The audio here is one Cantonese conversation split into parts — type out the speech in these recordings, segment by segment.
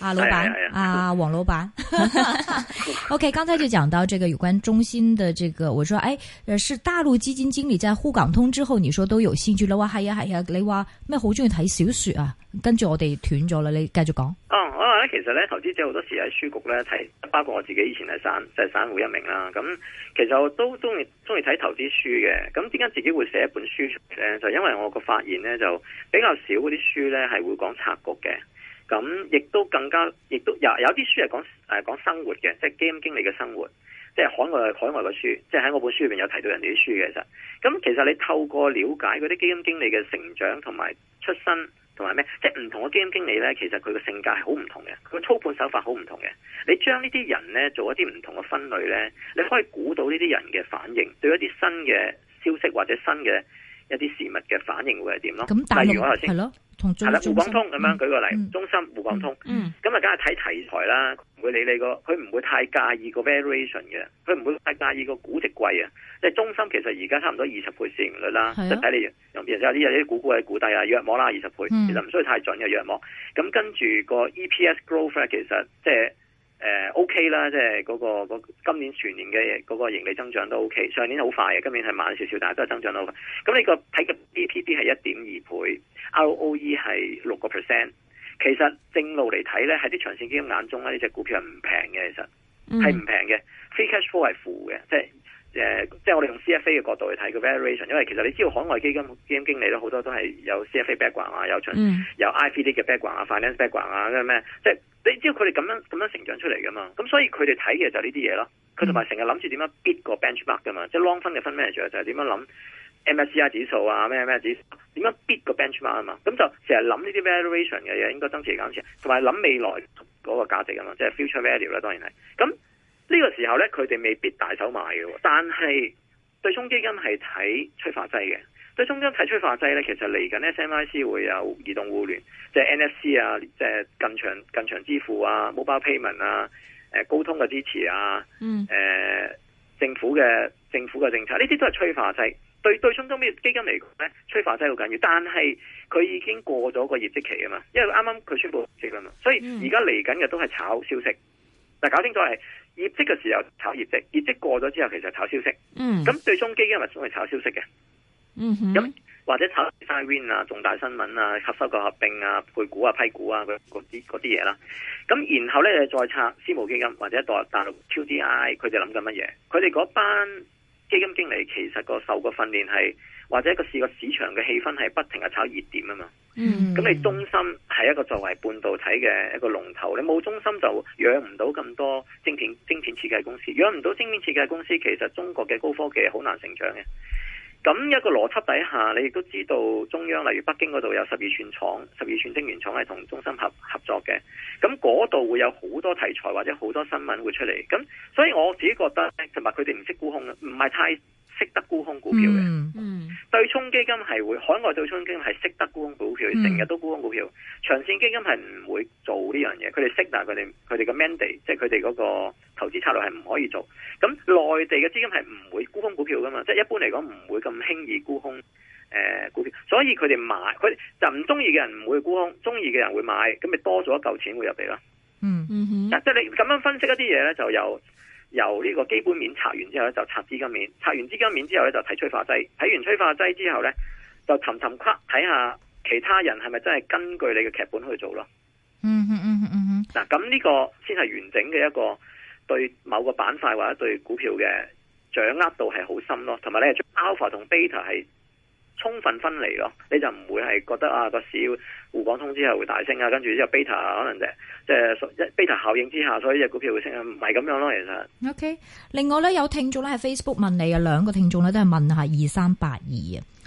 啊老闆 啊王老闆，OK，剛才就講到這個有關中心的這個，我說，誒、哎，是大陸基金經理在滬港通之後，你說都有興趣啦。係啊係啊，你話咩好中意睇小說啊？跟住我哋斷咗啦，你繼續講。哦、啊，我話其實咧，投資者好多時喺書局咧，睇包括我自己以前係散，即係散戶一名啦。咁其實我都中意中意睇投資書嘅。咁點解自己會寫一本書咧？就因為我個發現咧，就比較少嗰啲書咧係會講拆局嘅。咁亦都更加，亦都有有啲書係講誒、講生活嘅，即係基金經理嘅生活，即係海外海外嘅書，即係喺我本書入邊有提到人哋啲書嘅，其實咁其實你透過了解嗰啲基金經理嘅成長同埋出身同埋咩，即係唔同嘅基金經理咧，其實佢嘅性格係好唔同嘅，佢嘅操盤手法好唔同嘅。你將呢啲人咧做一啲唔同嘅分類咧，你可以估到呢啲人嘅反應對一啲新嘅消息或者新嘅。一啲事物嘅反應會係點咯？例如我頭先係咯，同中芯、滬港通咁樣舉個例，嗯、中芯滬港通。咁啊、嗯，梗係睇題材啦，唔會理你個，佢唔會太介意個 valuation 嘅，佢唔會太介意個估值貴啊。即係中芯其實而家差唔多二十倍市盈率啦，啊、就睇你，有啲有啲估估喺估低啊，約莫啦二十倍，嗯、其實唔需要太準嘅約莫。咁跟住個 EPS growth 其實即係。誒、呃、OK 啦，即係嗰個、那個、那個、今年全年嘅嗰個盈利增長都 OK，上年好快嘅，今年係慢少少，但係都係增長得好快。咁你個睇嘅 BPD 係一點二倍，ROE 係六個 percent。其實正路嚟睇咧，喺啲長線基金眼中咧，呢、這、隻、個、股票係唔平嘅，其實係唔平嘅。Free、嗯、cash flow 係負嘅，即、就、係、是呃我哋用 CFA 嘅角度去睇個 valuation，因為其實你知道海外基金基金經理咧，好多都係有 CFA background 啊，有有 IPD 嘅 background 啊，finance background 啊，咁咩？即係你知道佢哋咁樣咁樣成長出嚟噶嘛？咁所以佢哋睇嘅就呢啲嘢咯。佢同埋成日諗住點樣 beat 個 benchmark 噶嘛？即係 long 分嘅 fund manager 就係點樣諗 MSCI 指數啊，咩咩指數？點樣 beat 個 benchmark 啊嘛？咁就成日諗呢啲 valuation 嘅嘢，應該增持減少，同埋諗未來嗰個價值咁嘛，即係 future value 啦，當然係。咁呢個時候咧，佢哋未必大手買嘅，但係。對沖基金係睇催化劑嘅，對沖基金睇催化劑咧，其實嚟緊 S M I C 會有移動互聯，即、就、係、是、N F C 啊，即、就、係、是、近場近場支付啊，mobile payment 啊，誒、呃、高通嘅支持啊，嗯、呃，誒政府嘅政府嘅政策，呢啲都係催化劑。對對沖中基金嚟講咧，催化劑好緊要，但係佢已經過咗個業績期啊嘛，因為啱啱佢宣布息啦嘛，所以而家嚟緊嘅都係炒消息。嗱，搞清楚係業績嘅時候炒業績，業績過咗之後其實炒消息。嗯。咁最終基金咪中意炒消息嘅。嗯哼。咁或者炒晒 win 啊，重大新聞啊，吸收個合併啊，配股啊，批股啊，嗰啲啲嘢啦。咁然後咧再拆私募基金或者代入大陸 QDII 佢哋諗緊乜嘢？佢哋嗰班基金經理其實個受個訓練係。或者個市個市場嘅氣氛係不停嘅炒熱點啊嘛。咁、嗯、你中心係一個作為半導體嘅一個龍頭，你冇中心就養唔到咁多晶片設計公司，養唔到晶片設計公司，其實中國嘅高科技好難成長嘅。咁一個邏輯底下，你亦都知道中央，例如北京嗰度有十二寸廠、十二寸晶圓廠係同中心合合作嘅，咁嗰度會有好多題材或者好多新聞會出嚟。咁所以我自己覺得，同埋佢哋唔識沽空，唔係太識得沽空股票嘅。嗯嗯對沖基金係會，海外對沖基金係識得沽空股票，成日都沽空股票。長線基金係唔會做呢樣嘢，佢哋識但係佢哋佢哋嘅 mandate，即係佢哋嗰個投資策略係唔可以做。咁內地嘅資金係唔會沽空股票噶嘛，即係一般嚟講唔會咁輕易沽空誒、呃、股票，所以佢哋買佢哋就唔中意嘅人唔會沽空，中意嘅人會買，咁咪多咗一嚿錢會入嚟咯。嗯嗯哼，即係你咁樣分析一啲嘢咧，就有。由呢個基本面拆完之後咧，就拆資金面；拆完資金面之後咧，就睇催化劑；睇完催化劑之後咧，就尋尋窟睇下其他人係咪真係根據你嘅劇本去做咯。嗯哼嗯哼嗯嗯嗯。嗱，咁呢個先係完整嘅一個對某個板塊或者對股票嘅掌握度係好深咯。同埋咧，Alpha 同 Beta 係。充分分離咯，你就唔會係覺得啊個市要滬港通之後會大升啊，跟住之後 beta 可能就係即係 beta 效應之下，所以隻股票會升啊，唔係咁樣咯，其實。O K，另外咧，有聽眾咧喺 Facebook 問你啊，兩個聽眾咧都係問下二三八二啊。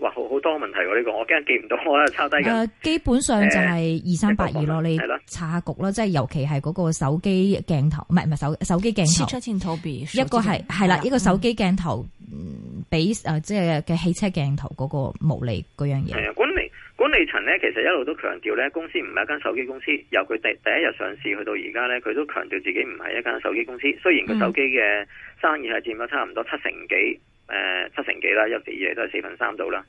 哇，好好多問題喎、啊！呢、呢個我驚記唔到，我咧抄低誒、呃，基本上就係二三八二咯，3, 8, 2, 你係咯，查下局啦，即係尤其係嗰個手機鏡頭，唔係唔係手手機鏡頭。頭一個係係啦，一個手機鏡頭，比誒、嗯呃、即係嘅汽車鏡頭嗰、嗰個模離嗰樣嘢。管理管理層咧，其實一路都強調咧，公司唔係一間手機公司。由佢第第一日上市去到而家咧，佢都強調自己唔係一間手機公司。雖然個手機嘅生意係佔咗差唔多七成幾。嗯誒、呃，七成幾啦，有啲嘢都係四分三到啦。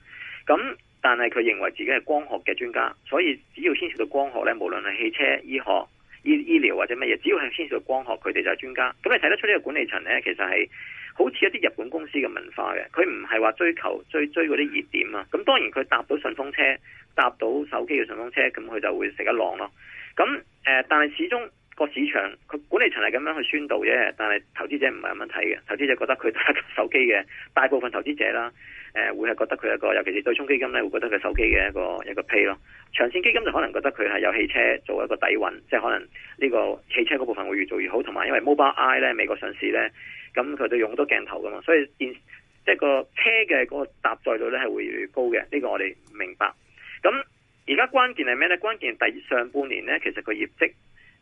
咁，但係佢認為自己係光學嘅專家，所以只要牽涉到光學呢，無論係汽車、醫學、醫醫療或者乜嘢，只要係牽涉到光學，佢哋就係專家。咁你睇得出呢個管理層呢，其實係好似一啲日本公司嘅文化嘅，佢唔係話追求追追嗰啲熱點啊。咁當然佢搭到順風車，搭到手機嘅順風車，咁佢就會食一浪咯。咁誒、呃，但係始終。個市場佢管理層係咁樣去宣導啫，但係投資者唔係咁樣睇嘅。投資者覺得佢係手機嘅，大部分投資者啦，誒、呃、會係覺得佢一個，尤其是對沖基金咧，會覺得佢手機嘅一個一個 pay 咯。長線基金就可能覺得佢係有汽車做一個底蘊，即、就、係、是、可能呢個汽車嗰部分會越做越好，同埋因為 Mobile Eye 咧美國上市咧，咁佢都用好多鏡頭噶嘛，所以電即係個車嘅個搭載率咧係會越、越高嘅。呢、這個我哋明白。咁而家關鍵係咩咧？關鍵係上半年咧，其實個業績。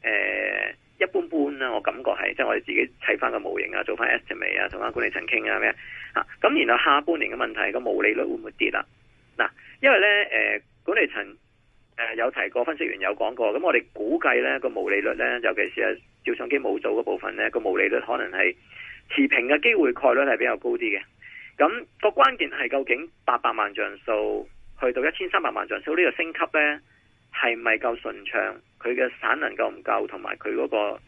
誒、呃，一般般啦，我感覺係，即係我哋自己砌翻個模型 imate, 啊，做翻 estimate 啊，同翻管理層傾啊咩啊，咁然後下半年嘅問題，個毛利率會唔會跌啦？嗱、啊，因為咧，誒、呃、管理層誒、呃、有提過，分析員有講過，咁我哋估計咧個毛利率咧，尤其是係照相機冇做嗰部分咧，個毛利率可能係持平嘅機會概率係比較高啲嘅。咁、那個關鍵係究竟八百萬像素去到一千三百萬像素呢、這個升級咧，係咪夠順暢？佢嘅產能夠唔夠，同埋佢嗰個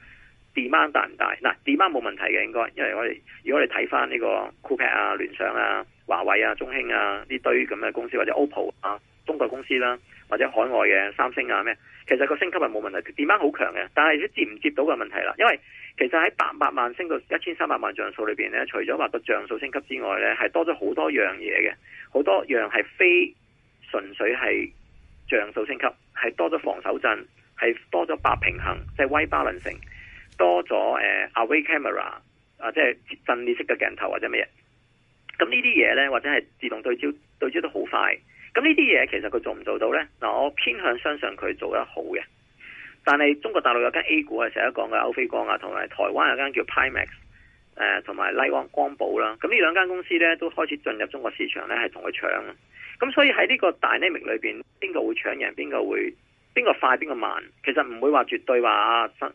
demand 大唔大？嗱、啊、demand 冇問題嘅，應該，因為我哋如果你睇翻呢個酷派啊、聯想啊、華為啊、中興啊呢堆咁嘅公司，或者 OPPO 啊、中國公司啦、啊，或者海外嘅三星啊咩，其實個升級係冇問題的，demand 好強嘅，但係你接唔接到嘅問題啦？因為其實喺八百萬升到一千三百萬像素裏邊咧，除咗話個像素升級之外咧，係多咗好多樣嘢嘅，好多樣係非純粹係像素升級，係多咗防手震。係多咗白平衡，即係 white balance，多咗誒、呃、array camera 啊，即係陣列式嘅鏡頭或者乜嘢。咁呢啲嘢呢，或者係自動對焦，對焦都好快。咁呢啲嘢其實佢做唔做到呢？嗱，我偏向相信佢做得好嘅。但係中國大陸有間 A 股啊，成日講嘅歐菲光啊，同埋台灣有間叫 Pimax 誒、呃，同埋 Lite-On 光寶啦。咁呢兩間公司呢，都開始進入中國市場呢，係同佢搶。咁所以喺呢個 dynamic 裏邊，邊個會搶贏，邊個會？邊個快邊個慢，其實唔會話絕對話信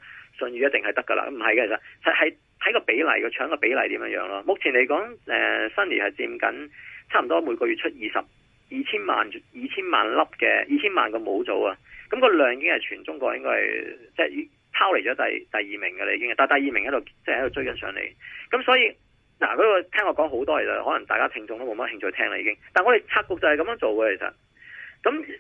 譽一定係得噶啦，唔係嘅其實係係睇個比例嘅，搶個比例點樣樣咯。目前嚟講，誒、呃、新年係佔緊差唔多每個月出二十二千萬二千萬粒嘅二千萬個母組啊，咁、那個量已經係全中國應該係即係拋離咗第第二名嘅啦已經，但係第二名喺度即係喺度追緊上嚟，咁所以嗱嗰、那個聽我講好多嘢，可能大家聽眾都冇乜興趣聽啦已經。但係我哋策局就係咁樣做嘅其實，咁。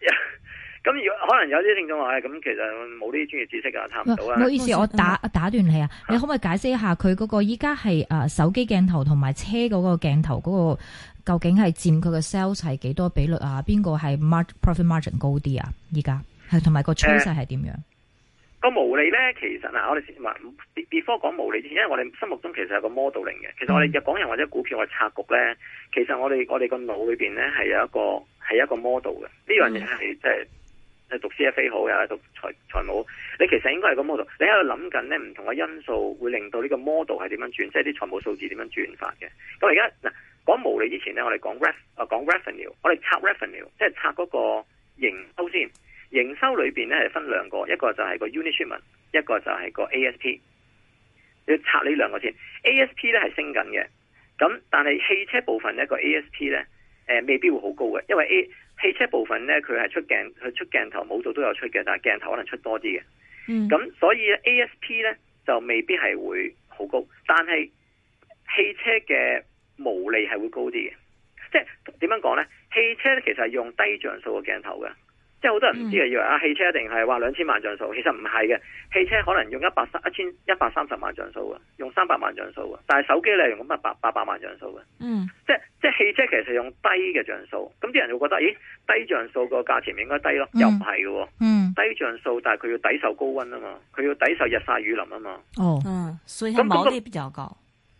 咁如果可能有啲聽眾話係，咁、哎、其實冇呢啲專業知識啊，談唔到啊。唔好意思，嗯、我打打斷你啊，嗯、你可唔可以解釋一下佢嗰、嗯、個依家係誒手機鏡頭同埋車嗰、那個鏡頭嗰個究竟係佔佢嘅 sales 係幾多比率啊？邊個係 margin profit margin 高啲啊？依家係同埋個趨勢係點樣？個毛利咧，其實啊、呃，我哋先科講毛利，因為我哋心目中其實有個 modeling 嘅。其實我哋日港人或者股票我拆局咧，其實我哋我哋個腦裏邊咧係有一個係一個 model 嘅。呢樣嘢係即係。嗯讀 CFA 好，又喺度財財務，你其實應該係個 model，你喺度諗緊咧唔同嘅因素會令到呢個 model 係點樣轉，即係啲財務數字點樣轉法嘅。咁而家嗱，講毛利之前咧，我哋講 ref，啊講 revenue，我哋拆 revenue，即係拆嗰個營收先。營收裏邊咧係分兩個，一個就係個 unit shipment，一個就係個 ASP。你要拆呢兩個先，ASP 咧係升緊嘅，咁但係汽車部分咧個 ASP 咧。誒，未必會好高嘅，因為 A 汽車部分呢，佢係出鏡，佢出鏡頭，冇到都有出嘅，但係鏡頭可能出多啲嘅。咁、嗯、所以咧 A S P 呢就未必係會好高，但係汽車嘅毛利係會高啲嘅。即係點樣講呢？汽車其實係用低像素嘅鏡頭嘅。即係好多人唔知啊，以為啊汽車一定係話兩千萬像素，其實唔係嘅。汽車可能用一百三一千一百三十萬像素啊，用三百萬像素啊。但係手機咧用咁啊百八百萬像素嘅。嗯，即係即係汽車其實用低嘅像素，咁啲人就覺得，咦，低像素個價錢應該低咯，又唔係嘅。嗯嗯，低像素但係佢要抵受高溫啊嘛，佢要抵受日曬雨淋啊嘛。哦，嗯，所以係毛利率比較高。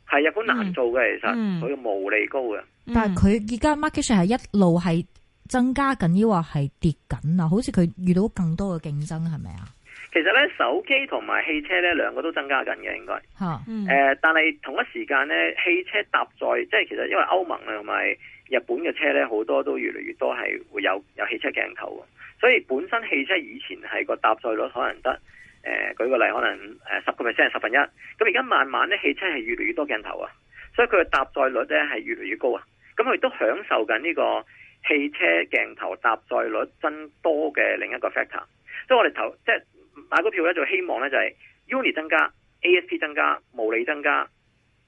係啊，好難做嘅其實，佢要毛利高嘅。但係佢而家 market 上係一路係增加緊抑或係跌緊啊，好似佢遇到更多嘅競爭係咪啊？其實咧，手機同埋汽車咧，兩個都增加緊嘅，應該吓。誒、嗯呃，但係同一時間咧，汽車搭載即係其實因為歐盟啊同埋日本嘅車咧，好多都越嚟越多係會有有汽車鏡頭啊。所以本身汽車以前係個搭載率可能得誒、呃，舉個例可能誒十個 percent 十分一，咁而家慢慢咧汽車係越嚟越多鏡頭啊，所以佢嘅搭載率咧係越嚟越高啊。咁佢亦都享受緊呢個。汽車鏡頭搭載率增多嘅另一個 factor，即係我哋投即係買股票咧，就希望咧就係 uni 增加，ASP 增加，毛利增加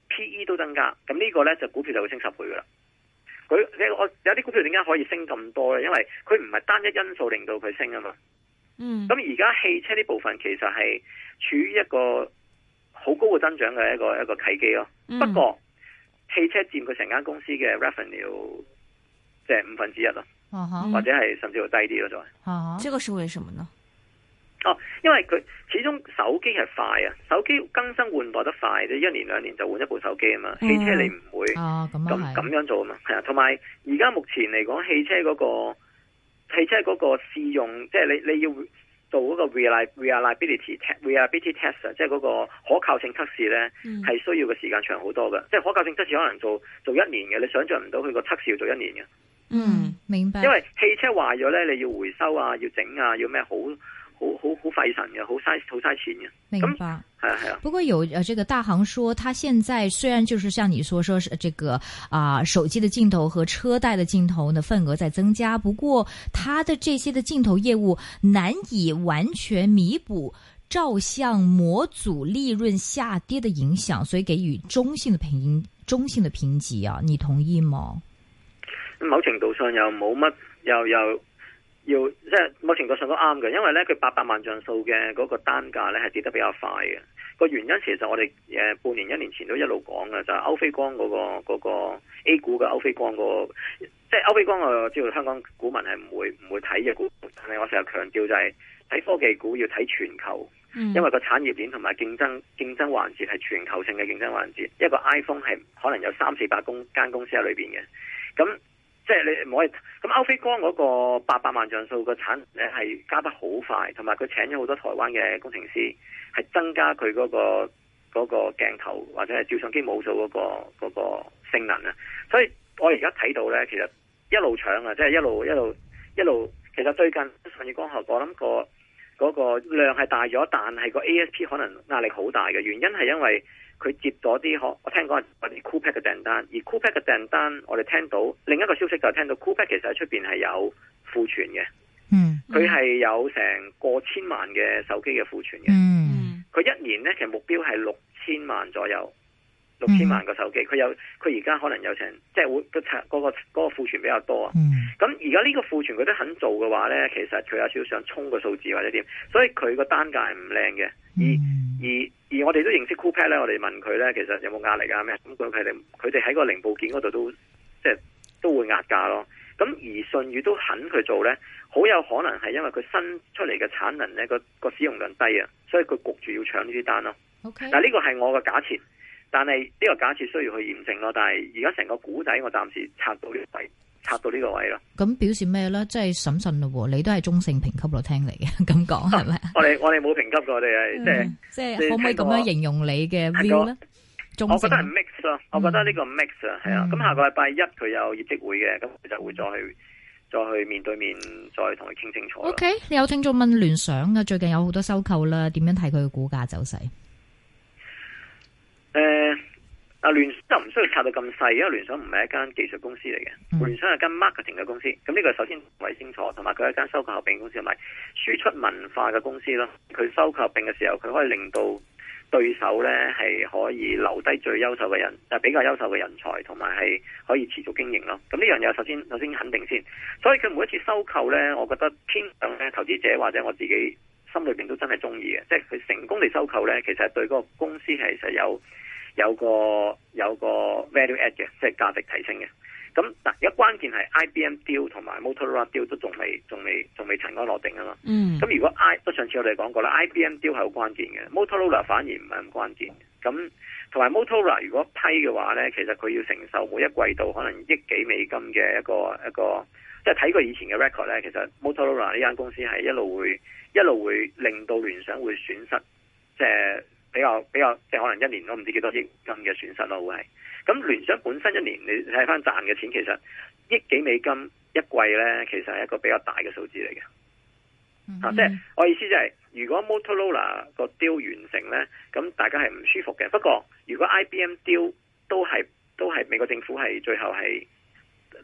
，PE 都增加，咁呢個咧就股票就會升十倍噶啦。佢你我有啲股票點解可以升咁多咧？因為佢唔係單一因素令到佢升啊嘛。嗯。咁而家汽車呢部分其實係處於一個好高嘅增長嘅一個一個，一個契機咯。嗯。不過汽車佔佢成間公司嘅 revenue。即係五分之一咯、啊，uh、huh, 或者係甚至乎低啲咯，就係。啊，uh、huh, 這個是為什麼呢？哦、啊，因為佢始終手機係快啊，手機更新換代得快，即一年兩年就換一部手機啊嘛、uh huh.。汽車你唔會咁咁樣做啊嘛，係啊。同埋而家目前嚟講，汽車嗰個汽車嗰個試用，即係你你要做嗰個 reliability test，reliability test 啊，即係嗰個可靠性測試呢，係、uh huh. 需要嘅時間長好多嘅。即係可靠性測試可能做做一年嘅，你想象唔到佢個測試要做一年嘅。嗯，明白。因為汽車壞咗呢，你要回收啊，要整啊，要咩，好好好好費神嘅，好嘥好嘥錢嘅。明白，係啊。啊，不過有呃這個大行說，他現在雖然就是像你說，說是這個啊，手機的鏡頭和車載的鏡頭的份額在增加，不過他的這些的鏡頭業務難以完全彌補照相模組利潤下跌的影響，所以給予中性的評中性的評級啊，你同意嗎？某程度上又冇乜，又又要，即係某程度上都啱嘅。因為咧，佢八百萬像素嘅嗰個單價咧係跌得比較快嘅。個原因其實我哋誒半年一年前都一路講嘅，就係歐菲光嗰個嗰個 A 股嘅歐菲光個，即係歐菲光我知道香港股民係唔會唔會睇嘅股，但係我成日強調就係睇科技股要睇全球，因為個產業鏈同埋競爭競爭環節係全球性嘅競爭環節。一個 iPhone 係可能有三四百公間公司喺裏邊嘅，咁。即係你唔可以咁，歐菲光嗰個八百萬像素個產，誒係加得好快，同埋佢請咗好多台灣嘅工程師，係增加佢嗰個嗰個鏡頭或者係照相機冇數嗰個嗰個性能啊。所以我而家睇到咧，其實一路搶啊，即係一路一路一路。其實最近舜宇光學，我諗個嗰個量係大咗，但係個 ASP 可能壓力好大嘅原因係因為。佢接咗啲可，我聽講我哋 c o u p a 嘅訂單，而 c o u p a 嘅訂單，我哋聽到另一個消息，就聽到 c o u p a 其實喺出邊係有庫存嘅，嗯，佢係有成過千萬嘅手機嘅庫存嘅，嗯，佢一年咧其實目標係六千萬左右，六千萬個手機，佢、嗯、有佢而家可能有成，即係會嗰、那個、那個庫存比較多啊，咁、嗯、而家呢個庫存佢都肯做嘅話咧，其實佢有少少衝個數字或者點，所以佢個單價係唔靚嘅，嗯而而我哋都認識 Coolpad 咧，我哋問佢咧，其實有冇壓力㗎、啊、咩？咁佢哋佢哋喺個零部件嗰度都即係都會壓價咯。咁而信宇都肯佢做咧，好有可能係因為佢新出嚟嘅產能咧，個個使用量低啊，所以佢焗住要搶呢啲單咯。OK，但呢個係我嘅假設，但係呢個假設需要去驗證咯。但係而家成個古仔，我暫時拆到呢位。拍到呢個位咯，咁、嗯、表示咩咧？即係審慎咯，你都係中性評級咯，聽嚟嘅咁講，係咪？我哋我哋冇評級嘅，我哋係即係即係可唔可以咁樣形容你嘅 view 咧？那個、中性我，我覺得係 mix 咯，我覺得呢個 mix 啊，係啊。咁下個禮拜一佢有業績會嘅，咁佢、嗯、就會再去再去面對面再同佢傾清楚。O、okay, K，有聽眾問聯想啊，最近有好多收購啦，點樣睇佢嘅股價走勢？誒、呃。聯想就唔需要拆到咁細，因為聯想唔係一間技術公司嚟嘅，嗯、聯想係間 marketing 嘅公司。咁呢個首先為清楚，同埋佢係一間收購合併公司，同埋輸出文化嘅公司咯。佢收購合併嘅時候，佢可以令到對手呢係可以留低最優秀嘅人，就比較優秀嘅人才，同埋係可以持續經營咯。咁呢樣嘢首先首先肯定先。所以佢每一次收購呢，我覺得偏向投資者或者我自己心裏邊都真係中意嘅，即係佢成功地收購呢，其實對嗰個公司其實有。有個有個 value add e 即係價值提升嘅。咁但係關鍵係 IBM deal 同埋 Motorola deal 都仲未仲未仲未塵埃落定啊嘛。咁、mm. 如果 I 都上次我哋講過啦，IBM deal 係好關鍵嘅，Motorola 反而唔係咁關鍵。咁同埋 Motorola 如果批嘅話咧，其實佢要承受每一季度可能億幾美金嘅一個一個即係睇過以前嘅 record 咧，其實 Motorola 呢間公司係一路會一路會令到聯想會損失，即、就、係、是比較比較即係可能一年都唔知幾多億金嘅損失咯會係咁聯想本身一年你睇返賺嘅錢，其實億幾美金一季呢，其實係一個比較大嘅數字嚟嘅。Mm hmm. 啊，即係我意思就係、是，如果 Motorola 個 deal 完成呢，咁大家係唔舒服嘅。不過如果 IBM deal 都係都係美國政府係最後係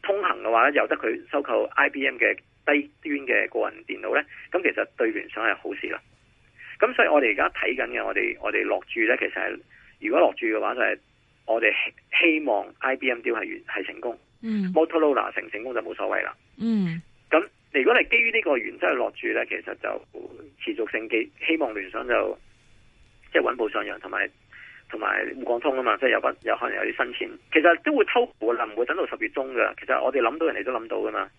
通行嘅話，由得佢收購 IBM 嘅低端嘅個人電腦呢，咁其實對聯想係好事啦。咁所以我們現在看著我們，我哋而家睇緊嘅，我哋我哋落注咧，其實係如果落注嘅話，就係我哋希望 IBM 掉係完係成功，嗯，Motorola 成成功就冇所謂啦，嗯。咁如果你基於呢個原則落注咧，其實就持續性幾希望聯想就即係穩步上揚，同埋同埋互廣通啊嘛，即係有有可能有啲新錢，其實都會偷步，唔會等到十月中嘅。其實我哋諗到人哋都諗到噶嘛，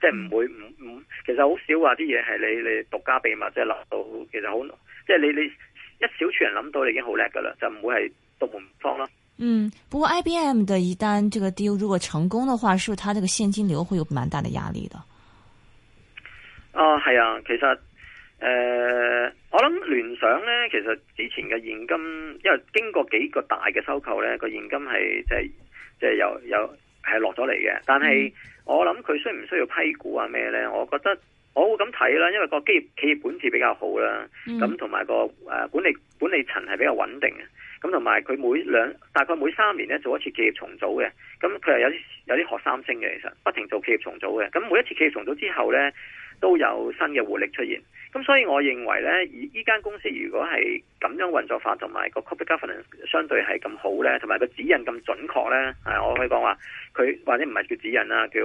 即係唔會唔唔，嗯、其實好少話啲嘢係你你獨家秘密，即係留到其實好。即係你你一小撮人諗到你已經好叻噶啦，就唔會係獨門方咯。嗯，不過 I B M 的一單這個 deal 如果成功的話，是不是佢這個現金流會有蠻大的壓力的？啊，係啊，其實誒、呃，我諗聯想呢，其實之前嘅現金，因為經過幾個大嘅收購呢，個現金係即係即係有有係落咗嚟嘅。但係、嗯、我諗佢需唔需要批股啊咩呢？我覺得。我會咁睇啦，因為個企業，企業本質比較好啦，咁同埋個誒管理管理層係比較穩定嘅，咁同埋佢每兩大概每三年咧做一次企業重組嘅，咁佢係有啲有啲學三星嘅，其實不停做企業重組嘅，咁每一次企業重組之後咧都有新嘅活力出現，咁所以我認為咧，而呢間公司如果係咁樣運作法同埋個 copy governance 相對係咁好咧，同埋個指引咁準確咧，係我可以講話佢或者唔係叫指引啦，叫。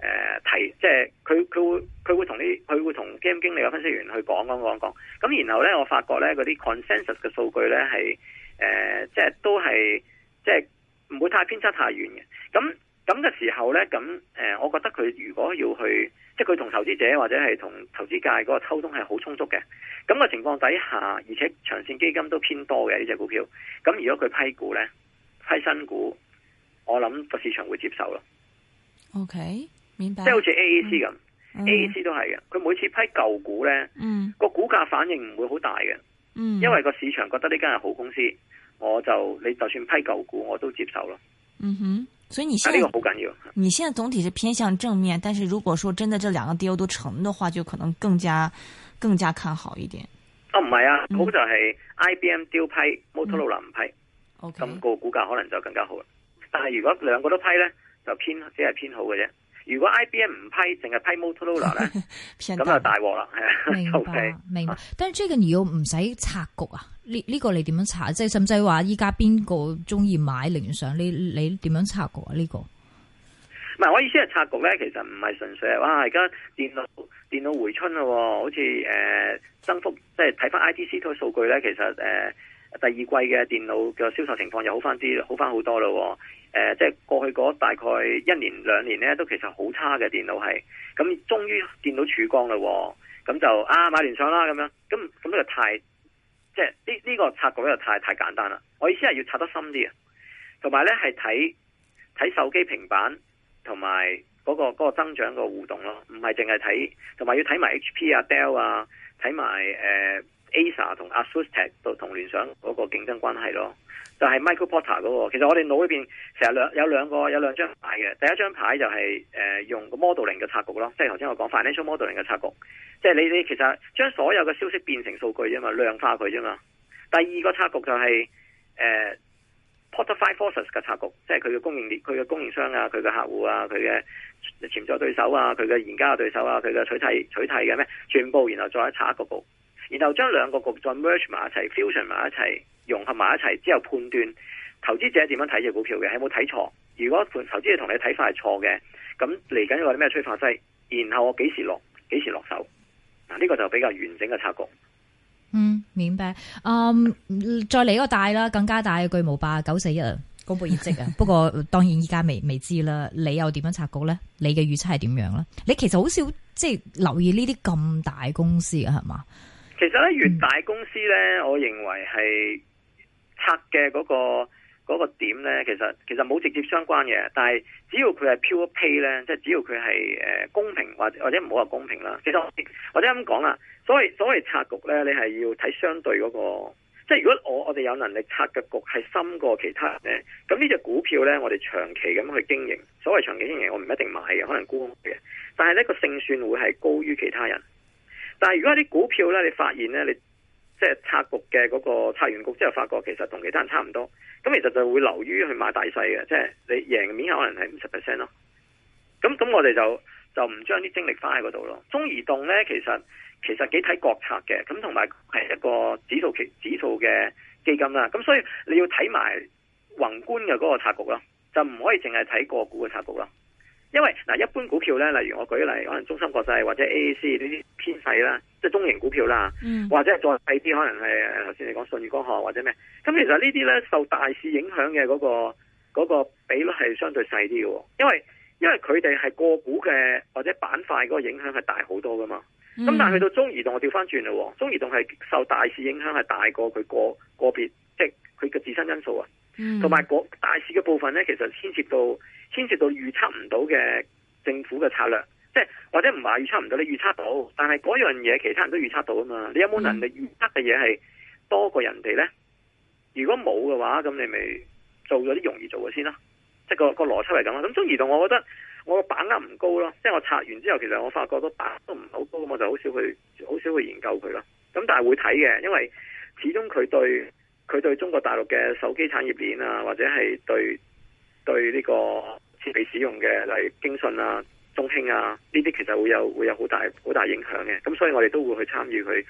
誒、呃，提即係佢佢會佢會同啲佢會同基金經理啊、分析員去講講講講。咁然後呢，我發覺呢嗰啲 consensus 嘅數據呢，係誒、呃，即係都係即係唔會太偏差太遠嘅。咁咁嘅時候呢，咁誒、呃，我覺得佢如果要去，即係佢同投資者或者係同投資界嗰個溝通係好充足嘅。咁嘅情況底下，而且長線基金都偏多嘅呢隻股票。咁如果佢批股呢，批新股，我諗個市場會接受咯。OK。即係好似 A A C 咁，A A C 都係嘅。佢每次批舊股咧，個股價反應唔會好大嘅，因為個市場覺得呢間係好公司，我就你就算批舊股我都接受咯。嗯哼，所以你呢個好緊要。你現在總體是偏向正面，但是如果說真的這兩個 deal 都成嘅話，就可能更加更加看好一點。哦，唔係啊，好就係 I B M deal 批，摩托羅拉唔批。O K，咁個股價可能就更加好。但係如果兩個都批咧，就偏即係偏好嘅啫。如果 IBM 唔批，淨係批 Motorola 咧，咁 大惡 就大鑊啦！OK 明白。但係最近要唔使拆局啊？呢，呢個你點樣查？即係甚至話依家邊個中意買寧上呢？你點樣拆局啊？呢、這個唔係我意思係拆局咧，其實唔係純粹。哇！而家電腦電腦回春嘞，好似誒、呃、增幅，即係睇翻 IDC 套數據咧。其實誒、呃、第二季嘅電腦嘅銷售情況又好翻啲，好翻好多嘞。誒，即係、呃就是，過去嗰大概一年兩年咧，都其實好差嘅電腦係，咁終於見到曙光喎。咁就啊買聯想啦咁樣，咁咁呢個太，即係呢呢個拆過、這個、又太太簡單啦，我意思係要拆得深啲啊，同埋咧係睇睇手機、平板同埋嗰個、那個增長個互動咯，唔係淨係睇，同埋要睇埋 HP 啊、Dell 啊，睇埋誒。呃 Acer 同 ASUSTeK 同聯想嗰個競爭關係咯，就係 Michael Porter 嗰個。其實我哋腦裏邊成日兩有兩個有兩張牌嘅。第一張牌就係誒用 modeling 嘅策局咯，即係頭先我講 financial modeling 嘅策局，即係你哋其實將所有嘅消息變成數據啫嘛，量化佢啫嘛。第二個策局就係誒 Porter Five Forces 嘅策局，即係佢嘅供應鏈、佢嘅供應商啊、佢嘅客戶啊、佢嘅潛在對手啊、佢嘅現家對手啊、佢嘅取替取替嘅咩，全部然後再一查一個步。然後將兩個局再 merge 埋一齊，fusion 埋一齊，融合埋一齊之後，判斷投資者點樣睇隻股票嘅，有冇睇錯。如果投資者同你睇法係錯嘅，咁嚟緊有啲咩催化劑？然後我幾時落，幾時落手嗱？呢個就比較完整嘅拆局。嗯，明白。嗯、um，再嚟一個大啦，更加大嘅巨無霸九四一公布業績啊。 不過當然依家未未知啦。你又點樣拆局咧？你嘅預測係點樣啦？你其實好少即係留意呢啲咁大公司㗎，係嘛？其實咧，越大公司咧，我認為係拆嘅嗰個嗰個點咧，其實其實冇直接相關嘅。但係只要佢係漂一批咧，即係只要佢係誒公平，或者或者唔好話公平啦。其實我或者咁講啦，所謂所謂拆局咧，你係要睇相對嗰個，即係如果我我哋有能力拆嘅局係深過其他人咧，咁呢隻股票咧，我哋長期咁去經營，所謂長期經營，我唔一定買嘅，可能沽空嘅，但係呢個勝算會係高於其他人。但係如果啲股票咧，你發現咧，你即係拆局嘅嗰個拆完局之後，發覺其實同其他人差唔多，咁其實就會流於去買大細嘅，即係你贏面可能係五十 percent 咯。咁咁我哋就就唔將啲精力花喺嗰度咯。中移動咧，其實其實幾睇國策嘅，咁同埋係一個指數期指數嘅基金啦。咁所以你要睇埋宏觀嘅嗰個拆局咯，就唔可以淨係睇個股嘅拆局咯。因為嗱，一般股票咧，例如我舉例，可能中芯國際或者 A A C 呢啲偏細啦，即係中型股票啦，嗯、或者係再細啲，可能係頭先你講信義光學或者咩，咁其實這些呢啲咧受大市影響嘅嗰個、那個比率係相對細啲嘅，因為因為佢哋係個股嘅或者板塊嗰個影響係大好多噶嘛。咁、嗯、但係去到中移動我調翻轉嚟，中移動係受大市影響係大過佢個個別，即係佢嘅自身因素啊。同埋嗰大事嘅部分呢，其實牽涉到牽涉到預測唔到嘅政府嘅策略，即係或者唔話預測唔到，你預測到，但係嗰樣嘢其他人都預測到啊嘛，你有冇能力預測嘅嘢係多過人哋呢？如果冇嘅話，咁你咪做咗啲容易做嘅先啦，即係個個邏輯嚟，咁啦。咁中移動，我覺得我把握唔高咯，即係我拆完之後，其實我發覺都把握都唔好高，咁我就好少去，好少去研究佢啦。咁但係會睇嘅，因為始終佢對。佢對中國大陸嘅手機產業鏈啊，或者係對對呢個設備使用嘅，例如京信啊、中興啊呢啲，其實會有會有好大好大影響嘅。咁所以我哋都會去參與佢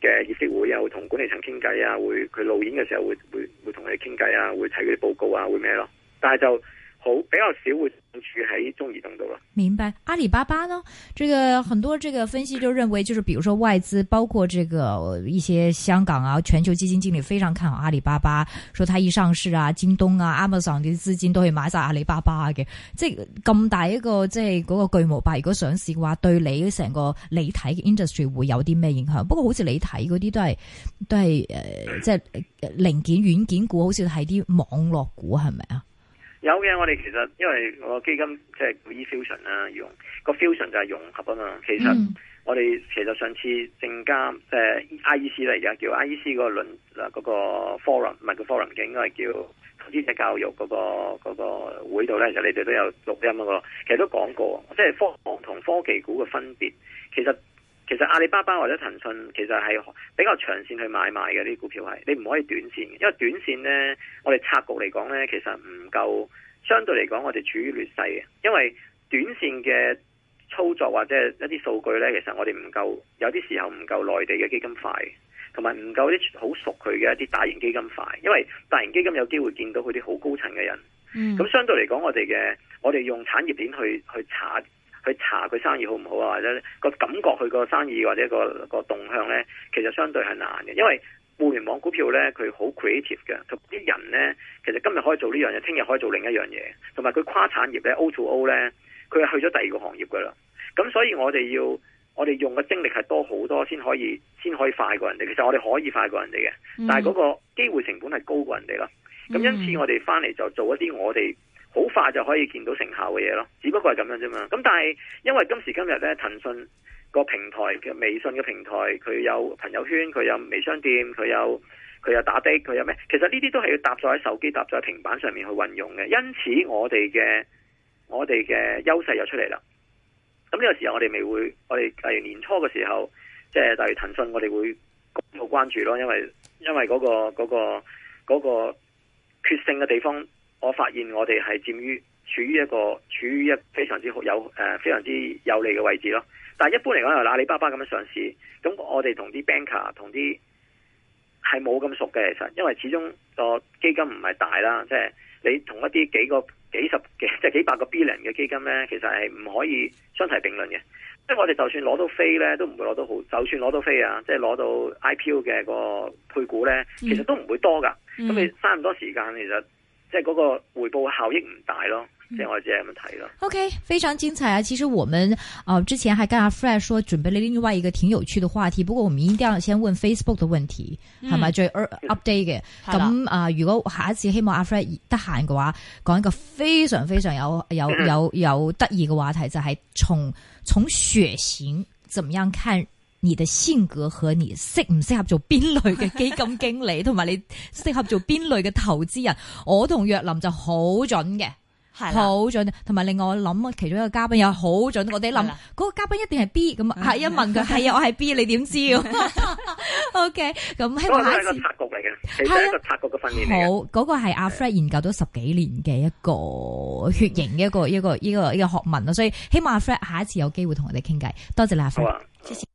嘅業績會，會有同管理層傾偈啊，會佢路演嘅時候會會會同佢哋傾偈啊，會睇佢啲報告啊，會咩咯？但係就。好比較少會住喺中移動度。明白，阿里巴巴呢？這個很多這個分析就認為，就是比如說外資，包括這個一些香港啊，全球基金經理非常看好阿里巴巴，說他一上市啊，京東啊，Amazon 啲資金都會買晒阿里巴巴嘅，即係咁大一個即係嗰、那個巨無霸，如果上市嘅話，對你成個你睇嘅 industry 會有啲咩影響？不過好似你睇嗰啲都係都係誒，即、呃、係、嗯、零件、軟件股，好似係啲網絡股，係咪啊？有嘅，我哋其實因為個基金即係佢、e、fusion 啦、啊，用個 fusion 就係融合啊嘛。其實我哋其實上次正加誒 I E C 嚟嘅，叫 I E C 個論嗱嗰、嗰個 forum 唔係、嗰個 forum 景，應該係叫投資者教育嗰、嗰個嗰、嗰個、會度咧，就係、你哋都有錄音啊個，其實都講過，即係科同科技股嘅分別，其實。其實阿里巴巴或者騰訊，其實係比較長線去買賣嘅呢啲股票係，你唔可以短線嘅，因為短線呢，我哋拆局嚟講呢，其實唔夠，相對嚟講，我哋處於劣勢嘅，因為短線嘅操作或者一啲數據呢，其實我哋唔夠，有啲時候唔夠內地嘅基金快，同埋唔夠啲好熟佢嘅一啲大型基金快，因為大型基金有機會見到佢啲好高層嘅人，嗯，咁相對嚟講，我哋嘅我哋用產業鏈去去查去查佢生意好唔好啊，或者個感覺佢個生意或者個個動向咧，其實相對係難嘅，因為互聯網股票咧，佢好 creative 嘅，同啲人咧，其實今日可以做呢樣嘢，聽日可以做另一樣嘢，同埋佢跨產業咧，O to O 咧，佢係去咗第二個行業噶啦。咁所以我哋要我哋用嘅精力係多好多先可以先可以快過人哋。其實我哋可以快過人哋嘅，但係嗰個機會成本係高過人哋咯。咁因此我哋翻嚟就做一啲我哋。好快就可以見到成效嘅嘢咯，只不過係咁樣啫嘛。咁但係因為今時今日咧，騰訊個平台嘅，微信嘅平台，佢有朋友圈，佢有微商店，佢有佢有打的，佢有咩？其實呢啲都係要搭載喺手機、搭載喺平板上面去運用嘅。因此我哋嘅我哋嘅優勢又出嚟啦。咁呢個時候我哋未會，我哋例如年初嘅時候，即係例如騰訊，我哋會高度關注咯，因為因為嗰、那個嗰、那個嗰、那個決勝嘅地方。我發現我哋係佔於處於一個處於一個非常之好有誒、呃、非常之有利嘅位置咯。但係一般嚟講，由阿里巴巴咁樣上市，咁我哋同啲 banker 同啲係冇咁熟嘅，其實因為始終個基金唔係大啦，即係你同一啲幾個幾十幾即係幾百個 billion 嘅基金呢，其實係唔可以相提並論嘅。即係我哋就算攞到飛呢，都唔會攞到好。就算攞到飛啊，即係攞到 IPO 嘅個配股呢，其實都唔會多噶。咁你嘥咁多時間，其實。即係嗰個回報效益唔大咯，即係、嗯、我只係咁睇咯。O、okay, K，非常精彩啊！其實我們哦、呃、之前還跟阿 Fred 說準備了另外一個挺有趣的話題，不過我們一定要先問 Facebook 的問題，係咪、嗯、最 update 嘅？咁啊、嗯呃，如果下一次希望阿 Fred 得閒嘅話，講一個非常非常有有有，有有有得意嘅話題，就係從從血型怎麼樣看。你的性格和你適唔適合做邊類嘅基金經理，同埋你適合做邊類嘅投資人，我同若琳就好準嘅，好準。同埋另外我諗啊，其中一個嘉賓又好準，我哋諗嗰個嘉賓一定係 B，咁下一問佢係啊，我係 B，你點知？OK，咁希望下一次係一個插局嚟嘅，係一個插局嘅訓練嚟嘅。好，嗰個係阿 Fred 研究咗十幾年嘅一個血型嘅一個一個一個一個學問，所以希望阿 Fred 下一次有機會同我哋傾偈。多謝你，阿 Fred。